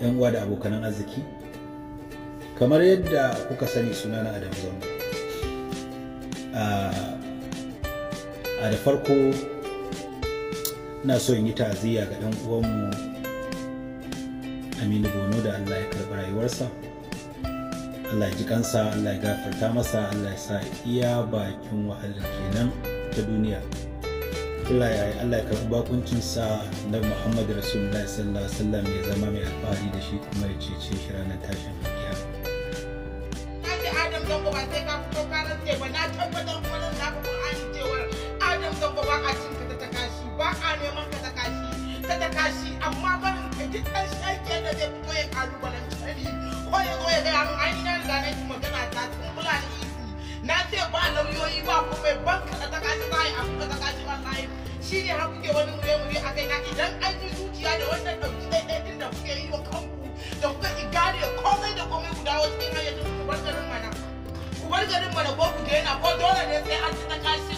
'yan uwa da abokanan arziki kamar yadda kuka sani suna na adam zango a da farko na so in yi ta'aziyya ga ɗan uwanmu aminu bono da allah ya karɓi rayuwarsa allah ya ji kansa allah ya gafarta masa allah ya sa iya bakin wahalar kenan ta duniya kira ya yi Allah ya karɓi bakuncinsa na Muhammadu Rasulullahi sallallahu alaihi wasallam ya zama mai alfahari da shi kuma ya cece shi ranar tashin hakiya. Na ce Adam don ba sai ka fito ka ce ba na tabbatar kuma nan za ka Qur'ani cewar Adam don ba a cin ka ta takashi ba a neman ka ta kashi ta kashi. amma barin ka duk ɗan shake da zai fito ya kalubalen shari ko ya zo ya gaya min ai da riga na yi magana ta tun bulani na ce ba lauyoyi ba kuma ban ka ta takashi ba a yi abu ka ta shi ne har kuke wani wuri-wuri a kaina idan an yi zuciya da wannan ɗauki ɗaiɗai ɗin da kuke yi wa kanku da kuka ki gane komai da komai guda wasu ɗin hanyar ku bar garin mana ku bar garin mana ko ku daina ko dole ne sai an ci ta kashi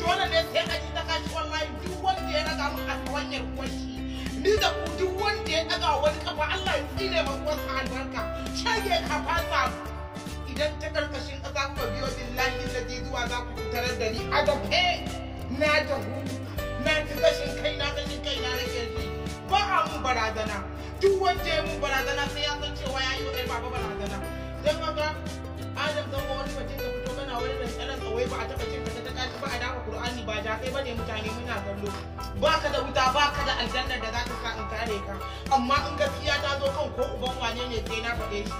dole ne sai an ci ta kashi wallahi duk wanda ya raga min a hanyar kwanci ni da ku duk wanda ya ɗaga wani kafa Allah ya tsine ma kuwarsa albarka shage kafa sa idan ta karkashin ƙasa ku biyo billahi na zuwa za ku tarar da ni a gafe na tahu na ji gashin kai na gashin kai na rage shi ba a mun barazana duk wanda ya mun barazana sai ya san cewa ya yi wa baba barazana don haka adam zama wani mutum ka fito kana wani da tsaron tsawai ba a taɓa cin ka ta tashi ba a dafa qur'ani ba ja kai ne mutane muna kallo ba ka da wuta ba ka da aljannar da za ka sa in kare ka amma in gaskiya ta zo kan ko uban wane ne sai na faɗe shi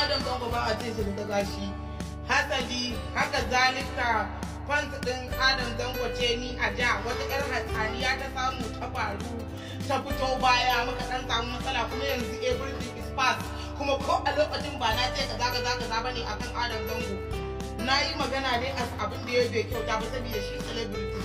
adam zango ba a cin shi da gashi hasali haka zalika fans ɗin adam zango ni a ja wata 'yar hatsaniya ta samu ta faru ta fito baya muka ɗan samu matsala kuma yanzu everything eh, is past kuma ko a lokacin ba na ce kaza kaza kaza bane akan adam zango na yi magana dai a abin da ya bai kyauta ba saboda shi celebrity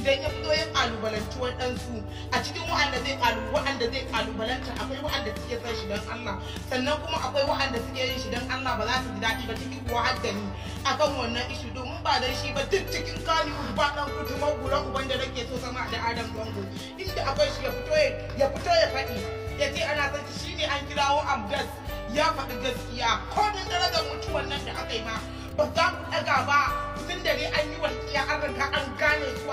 idan ya fito ya kalubalanci waɗansu a cikin wa'anda zai wa'anda zai kalubalanta akwai wa'anda suke son shi don Allah sannan kuma akwai wa'anda suke yin shi don Allah ba za su ji daɗi ba cikin kuwa haddani akan wannan ishu domin ba dan shi ba duk cikin kani ba dan kudu magura uban da nake so sama da Adam Bango inda akwai shi ya fito ya fito ya faɗi ya ce ana son shi ne an kirawo Abdas ya faɗi gaskiya ko da darajar mutuwan nan da aka yi ma ba za ku ɗaga ba tun da ne an yi walƙiya an riga an ga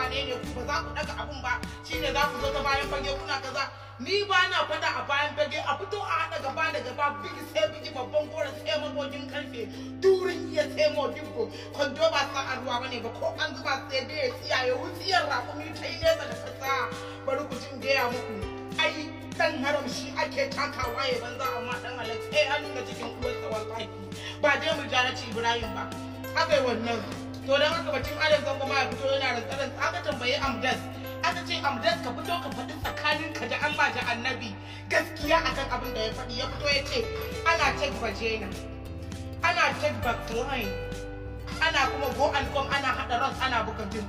ne ne ku ba za ku daga abun ba shine za ku zo ta bayan fage kuna kaza ni ba na fada a bayan fage a fito a haɗa gaba da gaba bigi sai bigi babban gora sai magogin karfe durin iya sai dubu kwando ba sa a ruwa bane ba ko an zuba sai tsiya ya wuce wutsiyar rakumi ta yi nesa da fasa bari ku jin gaya muku ai dan haram shi ake takawa ya banza amma dan halak sai eh, an nuna cikin uwarsa wallahi ba dai mu jarace ibrahim ba haka wannan to don haka batun malam zango ma ya fito yana rantsarar aka tambayi amdas aka ce amdas ka fito ka faɗi tsakanin ka da ba da annabi gaskiya akan abin da ya faɗi ya fito ya ce ana take vagina ana tek backline ana kuma go and come ana haɗa ros ana buga din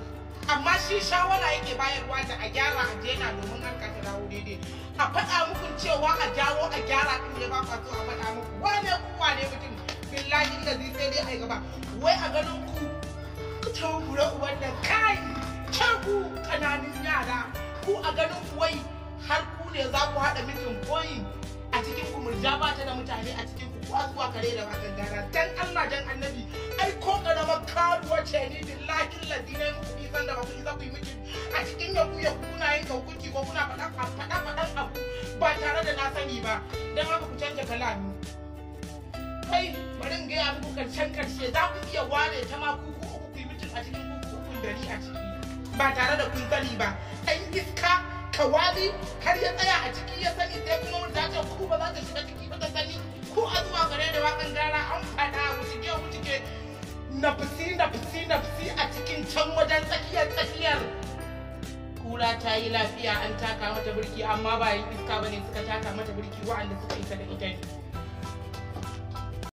amma shi shawara yake bayarwa da a gyara a jena domin an kasa dawo daidai a faɗa muku cewa a jawo a gyara ɗin ne ba kwato a faɗa muku wane kuwa ne mutum billahi da zai sai dai a gaba wai a ganin ku ta kura uwar da kai ke ku kananun yara ku a ganin kuwai har ku ne za ku haɗa mijin koyi a cikin ku murja ba ta da mutane a cikin ku kwa zuwa kare da bakan gara dan Allah dan annabi ai ko karamar karuwa ce ni billahi ladina yi muku nisan da baku isa ku yi mijin a cikin yaku yaku kuna yin kaukuki ko kuna faɗa faɗa faɗan abu ba tare da na sani ba dan haka ku canja kalami kai bari in gaya muku karshen karshe za ku ba tare da kun sani ba ɗan iska kawali har ya tsaya a ciki ya sani sai kuma mun ta ku ba za ta shiga ciki ba ta sani a zuwa gare da wakan gara an faɗa fusi na nafsi nafsi nafsi a cikin can wajen tsakiyar tsakiyar kula ta yi lafiya an taka mata birki amma ba yi iska bane suka taka mata birki wa'anda suka isa da ita ne